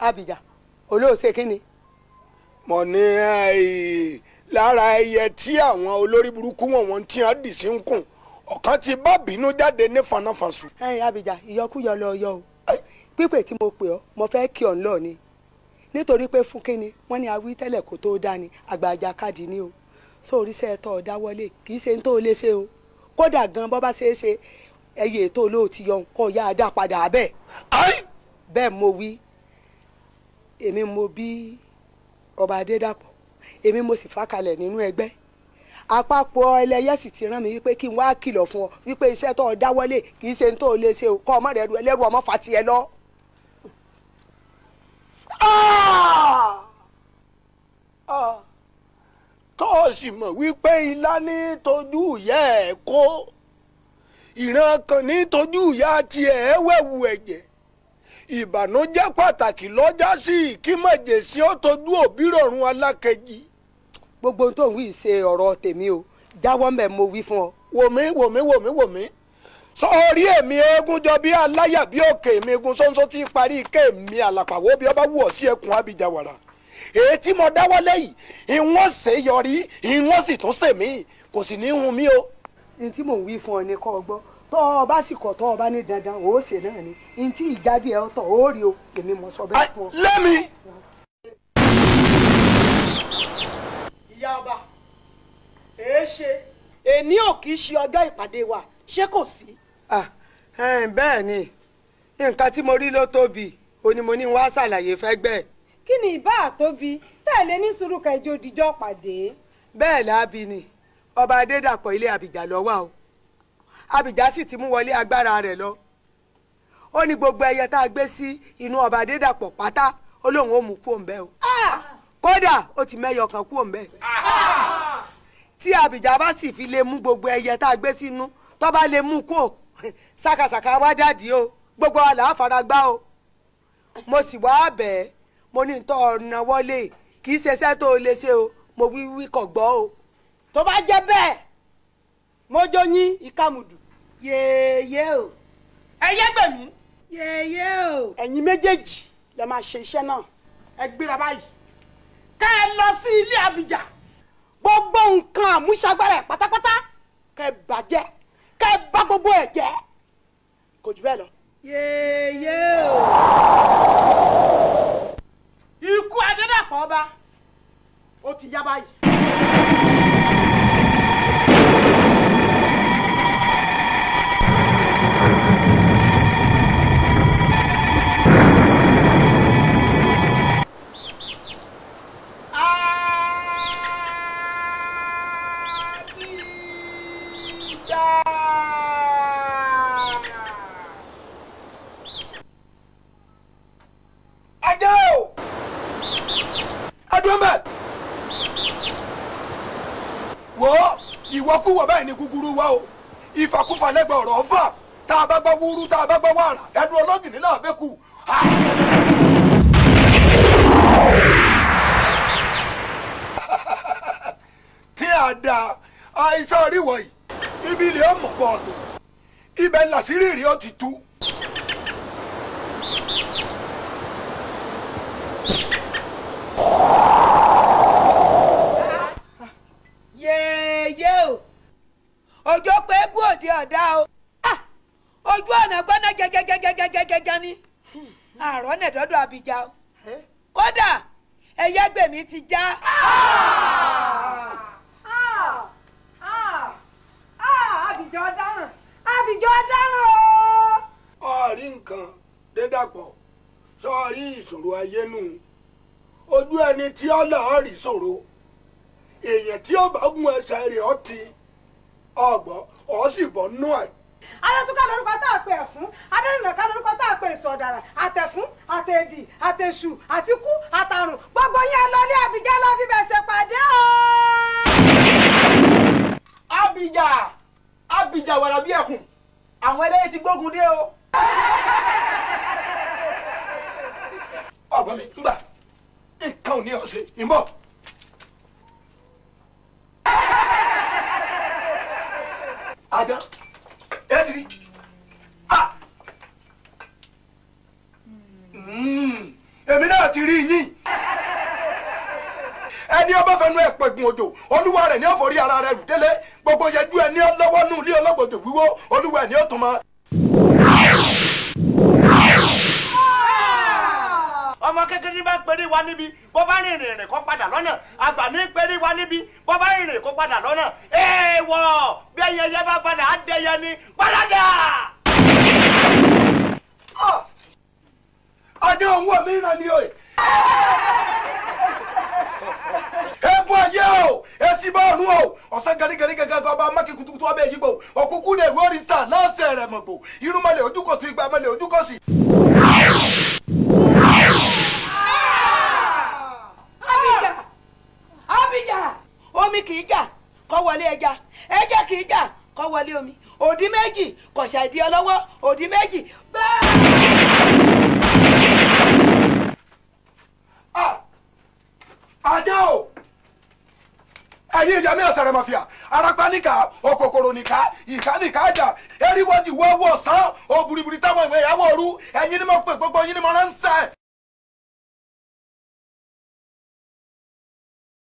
Abiga, olóòṣè kínni. mo ní lára ẹyẹ tí àwọn olórí burúkú wọn wọn ti hàn dì sí ń kùn ọ̀kan ti bá bínú jáde ní fanáfanṣu. ẹyin àbíjà ìyọkúyọ lọ yọ o pípé tí mo pè ọ mo fẹ́ kí ọ lọ ni nítorí pé fún kínni wọ́n ní awí tẹ́lẹ̀ kó tó dání àgbàjà káàdì ni o sórí iṣẹ́ tó o dáwọ́lé kì í ṣe ń tó o lè ṣe o kódà gan bọ́ bá ṣe é ṣe ẹyẹ ètò olóòtí yọ kó yá a dá padà bẹ́ẹ̀ bẹ́ẹ̀ mo wí èmi mo bí ọba adédàpọ̀ èmi mo sì fàkalẹ̀ nínú ẹgbẹ́ àpapọ̀ ẹlẹ́yẹ sì ti rán mi wípé kí n wá kìlọ̀ fún ọ wípé iṣẹ́ tó dáwọ́lé kì í ṣe tó lè ṣe kọ́ ọmọ rẹ̀ ẹlẹ́rù ọmọ fàtí ẹ lọ. Ah! Ah! tó o sì mọ̀ wípé ilá ní tójú ìyá ẹ̀ kó ìran kan ní tójú ìyá tiẹ̀ ẹ̀ wẹ̀wù ẹ̀jẹ̀ ìbànújẹ́ pàtàkì lọ́jà sí kí màjèṣí ó tọ́jú òbí rọ̀rùn alákejì. gbogbo ohun tó ń wí ṣe ọ̀rọ̀ tèmi o jáwọ́ mẹ́ mo wí fún ọ. wòmí wòmí wòmí wòmí sọ́ọ́rí èmi eégún jọ bí aláyà bí òkè mi egun ṣóńṣó ti parí ike mi àlàpàwọ́ bí ọba wù ọ́ sí ẹkùn abidjan wàrà èyí tí mo dáwọ́ lẹ́yìn ìwọ́n ṣe yọrí ìwọ́n sì tún ṣèmí kò sì ní hun mí o. ní tí mò ń wí fún ọ ni kọ́ ọ gbọ́ tọ́ ọ bá sì kọ̀ tọ́ ọ bá ní dandan ó ṣe náà ni ntí ìjáde ẹ̀ ọ̀tọ̀ ó rí o èmi mọ̀ sọ bẹ́ẹ̀ fún ọ. lẹ́mi. ìyá ọba èé ṣe èní ò kì í ṣe ọjọ́ ìpàdé wa ṣé kò sí. bẹ́ẹ̀ ni nǹkan tí mo rí ló tóbi ó ní mo ní wá ṣàlàyé fẹ́gbẹ́. kí ni ìbá àtóbi tẹ̀lé ní sùúrù kẹjọ òdìjọ́ pàdé. bẹ́ẹ̀ láabi ni ọba adédàpọ̀ ilé àbíjà lọ́wọ́ o abìjà sì ti mú wọlé agbára rẹ̀ lọ ó ní gbogbo ẹyẹ tá a gbé sí inú ọba adédàpọ̀ pátá ó lóun ó mú kú òǹbẹ o kódà ó ti mẹ́yọ kan kú òǹbẹ tí abìjà bá sì fi lè mú gbogbo ẹyẹ tá a gbé sínú tó lè mú kú o ṣàkàṣàkà wá dàdí o gbogbo wa là o mo sì wá bẹ́ẹ̀ mo ní tọ́ ọ̀nà wọlé kì í ṣe iṣẹ́ tó o lè ṣe o mo wí wí kọ̀ gbọ́ o. tó bá jẹ́ bẹ́ẹ̀ mọ́jọ́ yín ìkàmùdù yèyé o. ẹyẹ gbèmí. yèyé o. ẹ̀yin méjèèjì lè máa ṣe iṣẹ́ náà ẹ gbéra báyìí ká ẹ lọ sí ilé Abija gbogbo nǹkan àmúṣagbára ẹ pátápátá kẹ bàjẹ́ kẹ bá gbogbo ẹ jẹ́ kò jù bẹ́ẹ̀ lọ. yèyé o. ikú Adédàpọ̀ ọba ó ti yá báyìí. ìwọkúwọ báyìí ni gúgúrú wá o ìfàkúfà lẹgbẹ ọ̀rọ̀ ọfà tá a bá gbọ́ wúrú tá a bá gbọ́ wàrà ẹ̀dùn olóògì nílẹ̀ àbẹ́kù. tí a da àìsàn ríwọ̀ yìí ibi ilé ọmọ bọ́ọ̀lù ibẹ̀ làṣírí rí ọ ti tú. Thank you. jẹ́jẹ́jẹ́jẹ́jẹ́jẹ́jẹ́ ní hmm. àárọ̀ náà dọ́dọ̀ Abija o kódà ẹ̀yà gbèmí ti já. Ah! Ah! Ah! Abija ọ̀daràn Abija ọ̀daràn o. ọ̀rí nǹkan dédàpọ̀ sọ́ọ̀rí ìṣòro ayé nù ojú ẹni tí ó lọ́ọ́ rí ṣòro èèyàn tí ó bá gun ẹsẹ̀ rẹ̀ ọtí ọgbọ́n ọ̀ sì bọ́ nú àjẹ́ adétúkà lórúkọ tá a pè ẹ fún adédìnàká lórúkọ tá a pè ìsọdàrà àtẹfún àtẹdì àtẹṣù àtikú àtàrùn gbogbo yẹn lọlé àbíjà lọ fi bẹsẹ pàdé o. àbíjà àbíjà wàrà bí ẹkùn àwọn eléyìí ti gbógun dé o. ọgbọ́n mi ń gbà ò ní ọ̀sẹ̀ ń èmi náà ti rí yín ẹni ọba fẹnu ẹ pẹgun òjò olúwa rẹ ní ọfọrí ara rẹ rùdélé gbogbo yẹjú ẹni ọlọwọ nù ilé ọlọgbọdọ wíwó olúwa ẹni ọtún ma. ọmọ kékeré bá péré wa níbi bó bá rìn rìn kó padà lọ́nà àgbà mi péré wa níbi bó bá rìn kó padà lọ́nà èèwọ̀ bí ẹyẹ yẹ bá padà á dẹyẹ ní padà dà ọdún òun wò mí ràn ní ebu ayé o esi bọ́ọ̀lù o ọ̀sán garigari gẹ́gẹ́ ọba amáki kutukutu ọbẹ̀ yìí gbò òkúkú lè rọrí ta lọ́sẹ̀ rẹ̀ mọ̀gbò irúmọlẹ̀ ojúkọ̀ tún igba mọ̀lẹ̀ ojúkọ̀ sí. abija abija omi kì í jà kọ́ wọlé ẹja ẹja kì í jà kọ́ wọlé omi òdì méjì kọ̀ṣà ìdí ọlọ́wọ́ òdì méjì Ah, adé o ẹ̀yin ìyá mi ọ̀sẹ̀rẹ̀ mọ̀fìà arapa níka òkòkòrò níka ìka níka àjà eriwo diwọ́ wọ̀ sán òbúribùrì táwọn ìwé ìyàwó ooru ẹ̀yin ni mo pè gbogbo yín ni mo rán ń sẹ́.